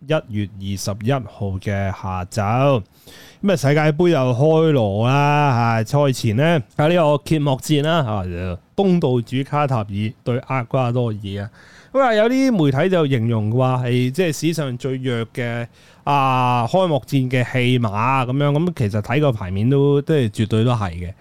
一月二十一號嘅下晝，咁啊世界盃又開鑼啦嚇，賽、啊、前呢，喺、這、呢個揭幕戰啦嚇、啊，東道主卡塔爾對厄瓜多爾啊，咁啊有啲媒體就形容話係即係史上最弱嘅啊開幕戰嘅戲碼咁樣，咁、啊、其實睇個牌面都即係絕對都係嘅。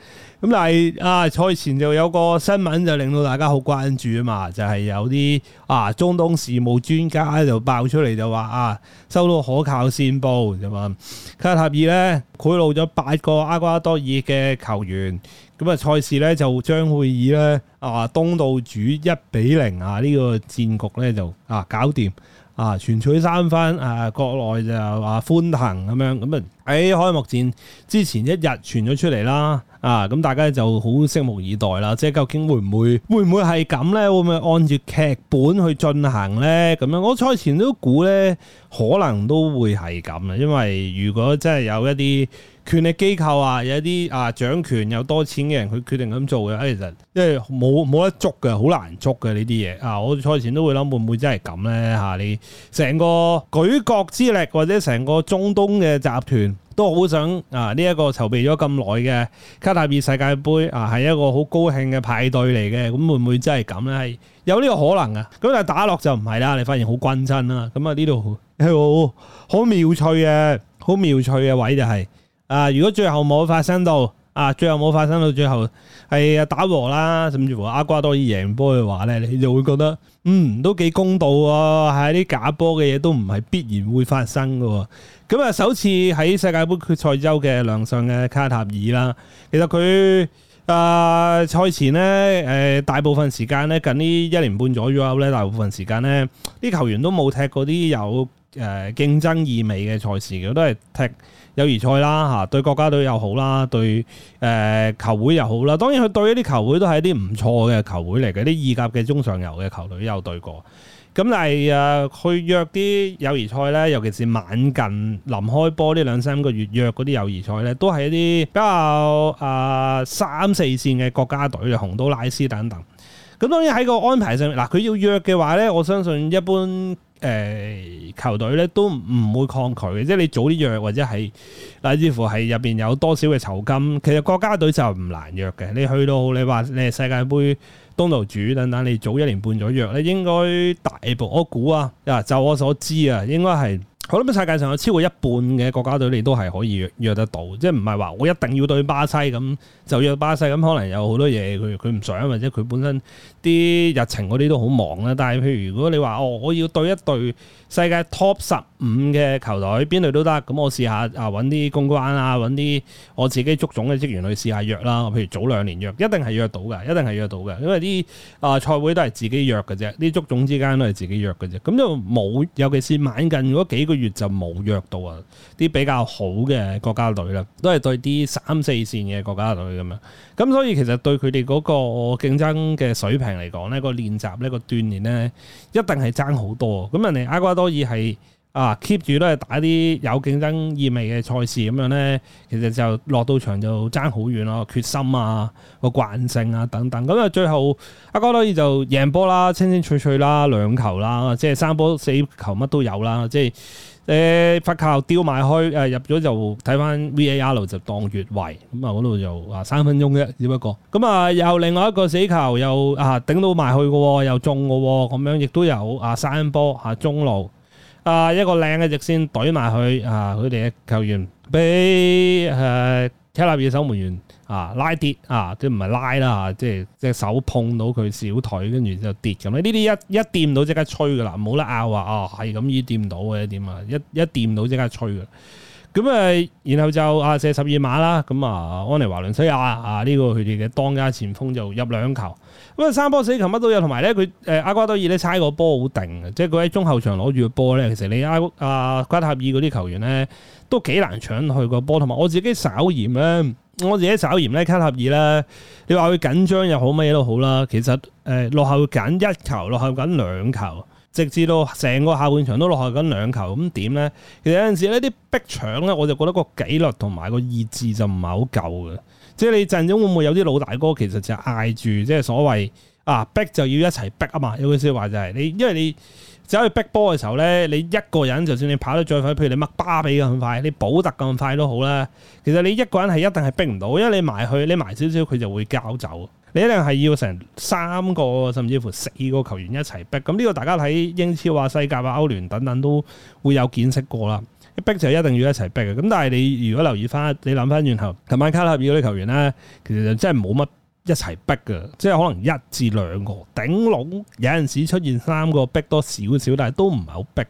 咁但係啊賽前就有個新聞就令到大家好關注啊嘛，就係、是、有啲啊中東事務專家就爆出嚟就話啊。啊、收到可靠線報，就話卡塔爾咧賄賂咗八個阿瓜多爾嘅球員，咁啊賽事咧就將會以咧啊東道主一比零啊呢、呢個戰局咧就啊搞掂啊，全、啊、取三分啊，國內就話歡騰咁樣，咁啊喺、哎、開幕戰之前一日傳咗出嚟啦，啊咁、啊、大家就好拭目以待啦，即係究竟會唔會會唔會係咁咧？會唔會，會，會按住劇本去進行咧？咁樣我賽前都估咧。可能都會係咁啊，因為如果真係有一啲權力機構啊，有一啲啊掌權有多錢嘅人，佢決定咁做嘅，哎，其實即係冇冇得捉嘅，好難捉嘅呢啲嘢啊！我賽前都會諗會唔會真係咁咧嚇，你成個舉國之力或者成個中東嘅集團。都好想啊！呢、這、一個籌備咗咁耐嘅卡塔爾世界盃啊，係一個好高興嘅派對嚟嘅。咁會唔會真係咁咧？有呢個可能啊！咁但係打落就唔係啦，你發現好均真啦、啊。咁啊呢度係好妙趣嘅，好妙趣嘅位就係、是、啊！如果最後冇發生到。啊！最後冇發生到最後，係啊打和啦，甚至乎阿瓜多爾贏波嘅話咧，你就會覺得嗯都幾公道喎、啊，係啲假波嘅嘢都唔係必然會發生㗎喎、啊。咁、嗯、啊，首次喺世界盃決賽周嘅亮相嘅卡塔爾啦，其實佢誒、呃、賽前咧誒大部分時間咧，近呢一年半左左右咧，大部分時間咧啲球員都冇踢過啲有。誒，競爭意味嘅賽事嘅，都係踢友誼賽啦，吓對國家隊又好啦，對誒、呃、球會又好啦。當然佢對一啲球會都係一啲唔錯嘅球會嚟嘅，啲二甲嘅中上游嘅球隊都有對過。咁但係啊，去約啲友誼賽呢，尤其是晚近臨開波呢兩三個月約嗰啲友誼賽呢，都係一啲比較啊三四線嘅國家隊嘅，紅都拉斯等等。咁當然喺個安排上面，嗱佢要約嘅話呢，我相信一般。誒、欸、球隊咧都唔會抗拒嘅，即係你早啲約或者係乃至乎係入面有多少嘅酬金，其實國家隊就唔難約嘅。你去到好，你話你係世界盃東道主等等，你早一年半左右約，你應該大步。我估啊，就我所知啊，應該係。我諗世界上有超過一半嘅國家隊，你都係可以約,約得到，即係唔係話我一定要對巴西咁就約巴西咁，可能有好多嘢佢佢唔想，或者佢本身啲日程嗰啲都好忙啦。但係譬如如果你話哦，我要對一隊世界 top 十五嘅球隊，邊隊都得，咁我試下啊揾啲公關啊揾啲我自己足總嘅職員去試下約啦。譬如早兩年約，一定係約到嘅，一定係約到嘅，因為啲啊賽會都係自己約嘅啫，啲足總之間都係自己約嘅啫。咁就冇，尤其是晚近嗰幾個。月就冇約到啊！啲比較好嘅國家隊啦，都係對啲三四線嘅國家隊咁樣。咁所以其實對佢哋嗰個競爭嘅水平嚟講呢個練習呢個鍛煉呢，一定係爭好多。咁人哋阿瓜多爾係啊 keep 住都係打啲有競爭意味嘅賽事咁樣呢，其實就落到場就爭好遠咯，決心啊、個慣性啊等等。咁啊最後阿瓜多爾就贏波啦，清清脆脆啦，兩球啦，即係三波四球乜都有啦，即係。誒，罰球丟埋去，誒入咗就睇翻 V A R 就當越位，咁啊嗰度就啊三分鐘啫，只不過，咁啊又另外一個死球又啊頂到埋去嘅，又中嘅，咁樣亦都有啊三分波啊中路啊一個靚嘅直線懟埋去啊佢哋嘅球員俾誒卡納爾嘅守門員。啊拉跌啊，拉啊，即唔係拉啦？即係隻手碰到佢小腿，跟住就跌咁。你呢啲一一掂到即刻吹噶啦，冇得拗啊！啊係咁易掂到嘅點啊？一一掂到即刻吹嘅。咁啊，然後就啊射十二碼啦。咁啊，安尼華倫西亞啊呢、啊啊呢個佢哋嘅當家前鋒就入兩球。咁啊三波四球乜都有，同埋咧佢阿瓜多爾咧猜個波好定嘅，即係佢喺中後場攞住個波咧。其實你阿瓜塔爾嗰啲球員咧都幾難搶去個波，同埋我自己稍嫌咧。我自己首言咧，卡塔爾咧，你話佢緊張又好，乜嘢都好啦。其實，呃，落後緊一球，落後緊兩球，直至到成個下半場都落後緊兩球，咁點咧？其實有陣時呢啲逼搶咧，我就覺得個紀律同埋個意志就唔係好夠嘅。即係你陣中會唔會有啲老大哥其實就嗌住，即係所謂啊逼就要一齊逼啊嘛。有句説話就係你，因為你。走去逼波嘅時候呢，你一個人就算你跑得再快，譬如你乜巴比咁快，你保特咁快都好啦。其實你一個人係一定係逼唔到，因為你埋去你埋少少，佢就會交走。你一定係要成三個甚至乎四個球員一齊逼。咁呢個大家喺英超啊、西甲啊、歐聯等等都會有見識過啦。一逼就一定要一齊逼嘅。咁但係你如果留意翻，你諗翻轉頭，琴晚卡塔爾啲球員呢，其實就真係冇乜。一齊逼嘅，即係可能一至兩個頂籠，有陣時出現三個逼多少少，但係都唔係好逼嘅。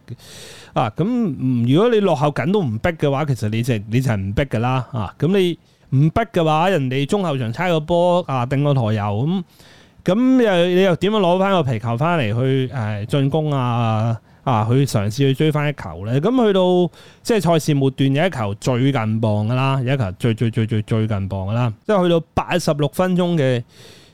啊，咁如果你落後緊都唔逼嘅話，其實你就係、你就係唔逼嘅啦。啊，咁你唔逼嘅話，人哋中後場差個波啊，頂個台遊咁，咁又你又點樣攞翻個皮球翻嚟去誒、啊、進攻啊？啊！佢嘗試去追翻一球咧，咁去到即係賽事末段有一球最近磅噶啦，有一球最最最最最近磅噶啦，即係去到八十六分鐘嘅，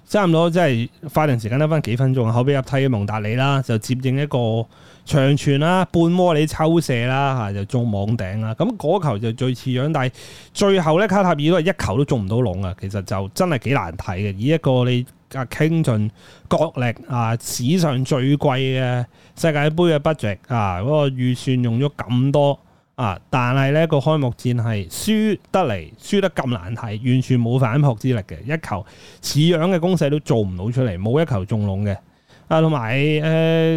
差唔多即係法定時間得翻幾分鐘，後邊入替嘅蒙達里啦，就接應一個長傳啦，半窩利抽射啦，就中網頂啦，咁、那、嗰、個、球就最似樣，但係最後咧卡塔爾都係一球都中唔到籠啊，其實就真係幾難睇嘅，以一個你。啊、傾盡國力啊！史上最貴嘅世界盃嘅 budget 啊，嗰、嗰個預算用咗咁多啊，但係呢個開幕戰係輸得嚟，輸得咁難睇，完全冇反撲之力嘅，一球似樣嘅攻勢都做唔到出嚟，冇一球中龍嘅啊，同埋誒。欸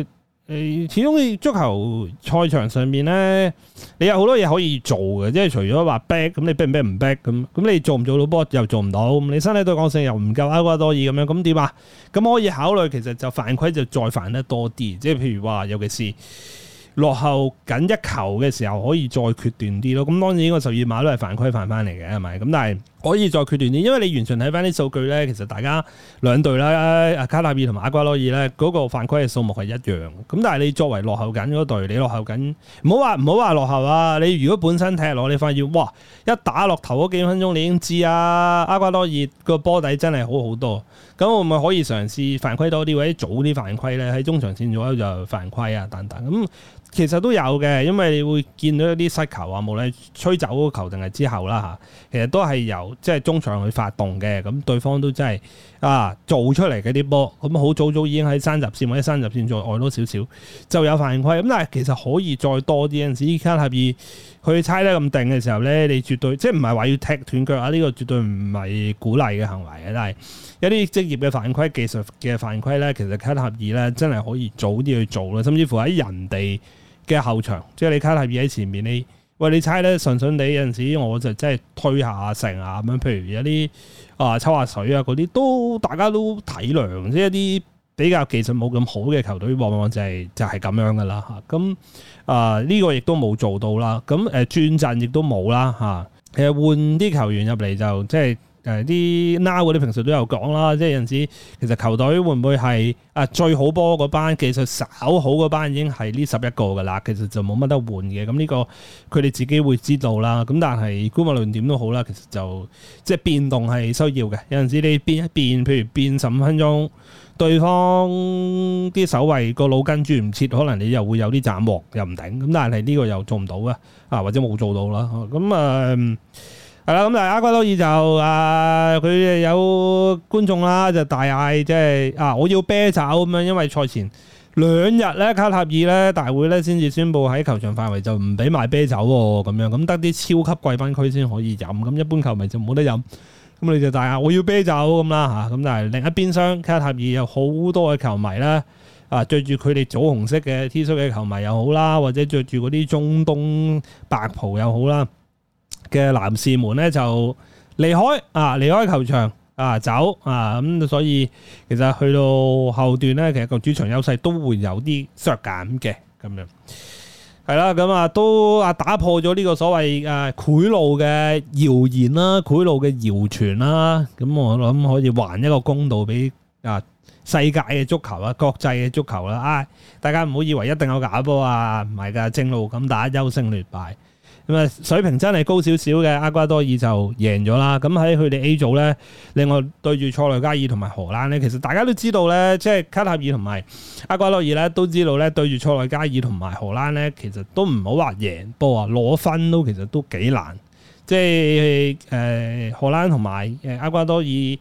呃誒，始終足球賽場上面咧，你有好多嘢可以做嘅。即係除咗話逼，咁你逼唔逼唔逼咁，咁你做唔做到波又做唔到，咁你身體對抗性又唔夠阿瓜多爾咁樣，咁點啊？咁可以考慮其實就犯規就再犯得多啲，即係譬如話，尤其是落後緊一球嘅時候，可以再決斷啲咯。咁當然犯犯，呢個十二碼都係犯規犯翻嚟嘅，係咪？咁但係。可以再決斷啲，因為你完全睇翻啲數據咧，其實大家兩隊啦，卡塔爾同埋阿瓜多爾咧嗰、那個犯規嘅數目係一樣。咁但係你作為落後緊嗰隊，你落後緊，唔好話唔好話落後啊！你如果本身睇落你發現，哇！一打落頭嗰幾分鐘你已經知啊，阿瓜多爾個波底真係好好多。咁我咪可，可以嘗試犯規多啲，或者早啲犯規咧，喺中場線左右就犯規啊等等。咁其實都有嘅，因為你會見到一啲失球啊，無論吹走個球定係之後啦嚇，其實都係由。即係中場去發動嘅，咁對方都真係啊做出嚟嗰啲波，咁好早早已經喺三十線或者三十線再外多少少就有犯規。咁但係其實可以再多啲陣時，卡塔爾佢猜得咁定嘅時候咧，你絕對即係唔係話要踢斷腳啊。呢個絕對唔係鼓勵嘅行為。但係一啲職業嘅犯規技術嘅犯規咧，其實卡塔爾咧真係可以早啲去做啦，甚至乎喺人哋嘅後場，即係你卡塔爾喺前面你。喂，你猜咧，順順地有陣時，我就即係推下成啊咁樣。譬如有啲啊抽下水啊嗰啲，都大家都體諒。即係一啲比較技術冇咁好嘅球隊，往往就係、是、就係、是、咁樣噶啦嚇。咁啊呢個亦都冇做到啦。咁誒、呃、轉陣亦都冇啦嚇。其實換啲球員入嚟就即係。誒啲 Now 嗰啲平時都有講啦，即係有陣時其實球隊會唔會係啊最好波嗰班技術稍好嗰班已經係呢十一個㗎啦，其實就冇乜得換嘅。咁呢個佢哋自己會知道啦。咁但係姑勿論點都好啦，其實就即係變動係需要嘅。有陣時你變一變，譬如變十五分鐘，對方啲守衞個腦筋轉唔切，可能你又會有啲斬獲又唔頂。咁但係呢個又做唔到嘅啊，或者冇做到啦。咁啊～、呃係啦，咁但係厄瓜多爾就啊，佢有觀眾啦，就大嗌即係啊，我要啤酒咁樣，因為賽前兩日咧，卡塔爾咧大會咧先至宣布喺球場範圍就唔俾賣啤酒喎，哦，咁樣咁得啲超級貴賓區先可以飲，咁一般球迷就冇得飲，咁你就大嗌我要啤酒咁啦嚇，咁、啊、但係另一邊箱卡塔爾有好多嘅球迷啦，啊著住佢哋棗紅色嘅 T 恤嘅球迷又好啦，或者着住嗰啲中東白袍又好啦。嘅男士們咧就離開啊，離開球場啊走啊咁，所以其實去到後段咧，其實個主場優勢都會有啲削減嘅咁樣，係啦，咁啊都啊打破咗呢個所謂誒賄賂嘅謠言啦，賄賂嘅謠傳啦，咁、啊、我諗可以還一個公道俾啊世界嘅足球啦，國際嘅足球啦，啊大家唔好以為一定有假波啊，唔係噶正路咁打優勝劣敗。咁啊，水平真係高少少嘅，厄瓜多爾就贏咗啦。咁喺佢哋 A 組咧，另外對住塞內加爾同埋荷蘭咧，其實大家都知道咧，即係卡塔爾同埋厄瓜多爾咧都知道咧，對住塞內加爾同埋荷蘭咧，其實都唔好話贏波啊，攞分都其實都幾難。即係、呃、荷蘭同埋誒厄瓜多爾誒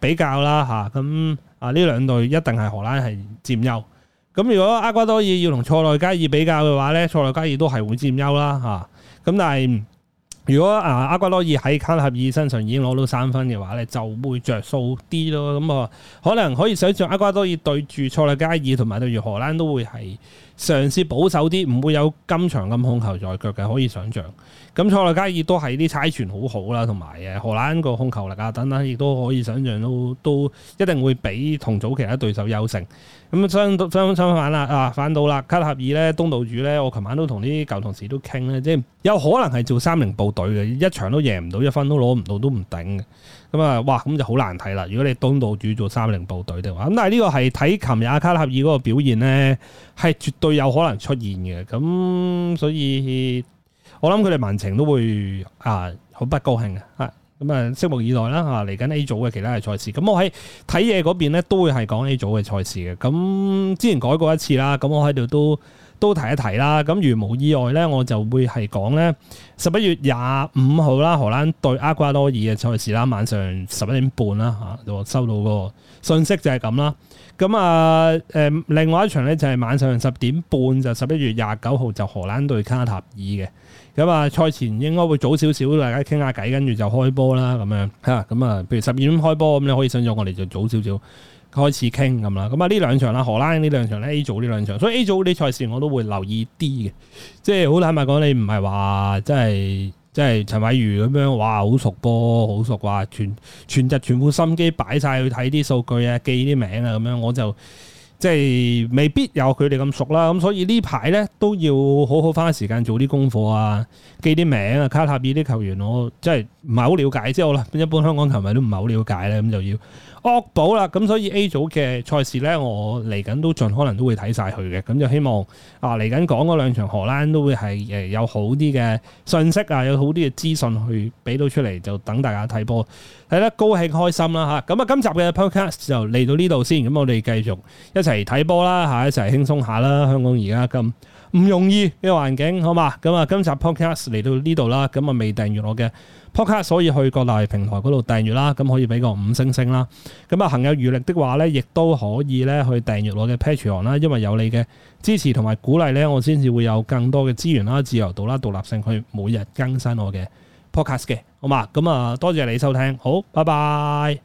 比較啦嚇，咁啊呢兩隊一定係荷蘭係佔優。咁如果厄瓜多爾要同塞內加爾比較嘅話咧，塞內加爾都係會佔優啦、啊咁但係如果啊阿瓜多爾喺卡塔爾身上已經攞到三分嘅話咧，就會着數啲咯。咁、嗯、啊，可能可以想象阿瓜多爾對住塞內加爾同埋對住荷蘭都會係。嘗試保守啲，唔會有今場咁控球在腳嘅，可以想象。咁塞內加爾都係啲猜傳好好啦，同埋荷蘭個控球力啊等等，亦都可以想象都都一定會比同組其他對手優勝。咁相相相反啦啊，反到啦，卡塔爾呢，東道主呢，我琴晚都同啲舊同事都傾呢，即係有可能係做三零部隊嘅，一場都贏唔到，一分都攞唔到，都唔頂。咁、嗯、啊，哇，咁就好難睇啦！如果你東道主做三零部隊的話，咁但係呢個係睇琴日阿卡塔爾嗰個表現咧，係絕對有可能出現嘅。咁、嗯、所以，我諗佢哋民情都會啊，好不高興咁啊、嗯，拭目以待啦。嚟緊 A 組嘅其他嘅賽事，咁、嗯、我喺睇嘢嗰邊咧都會係講 A 組嘅賽事嘅。咁、嗯、之前改過一次啦，咁、嗯、我喺度都。都提一提啦，咁如無意外呢，我就會係講呢十一月廿五號啦，荷蘭對阿瓜多爾嘅賽事啦，晚上十一點半啦嚇，啊、我收到個信息就係咁啦。咁啊、呃、另外一場呢，就係、是、晚上十點半，就十一月廿九號就荷蘭對卡塔爾嘅。咁啊，賽前應該會早少少，大家傾下偈，跟住就開波啦咁樣嚇，咁啊，譬如十二點開波咁，你可以想像我哋就早少少。開始傾咁啦，咁啊，呢兩場啦，荷蘭呢兩場咧 A 組呢兩場，所以 A 組啲賽事我都會留意啲嘅，即係好坦白講，你唔係話即係即係陳美如陳偉如咁樣，哇，好熟噃，好熟啊，全全日全部心機擺晒去睇啲數據啊，記啲名啊咁樣，我就。即係未必有佢哋咁熟啦，咁所以呢排呢，都要好好花時間做啲功課啊，記啲名啊，卡塔爾啲球員我即係唔係好了解，之後啦，一般香港球迷都唔係好了解啦咁就要惡補啦。咁所以 A 組嘅賽事呢，我嚟緊都盡可能都會睇晒佢嘅，咁就希望啊嚟緊講嗰兩場荷蘭都會係誒有好啲嘅信息啊，有好啲嘅資訊去俾到出嚟，就等大家睇波睇得高興開心啦嚇。咁啊，今集嘅 podcast 就嚟到呢度先，咁我哋繼續一齊。嚟睇波啦，吓一齊輕鬆下啦！香港而家咁唔容易嘅環境，好嘛？咁啊，今集 podcast 嚟到呢度啦，咁啊未訂閱我嘅 podcast，所以去各大平台嗰度訂閱啦，咁可以俾個五星星啦。咁啊，行有餘力的話呢，亦都可以呢去訂閱我嘅 Patreon 啦，因為有你嘅支持同埋鼓勵呢，我先至會有更多嘅資源啦、自由度啦、獨立性去每日更新我嘅 podcast 嘅，好嘛？咁啊，多謝你收聽，好，拜拜。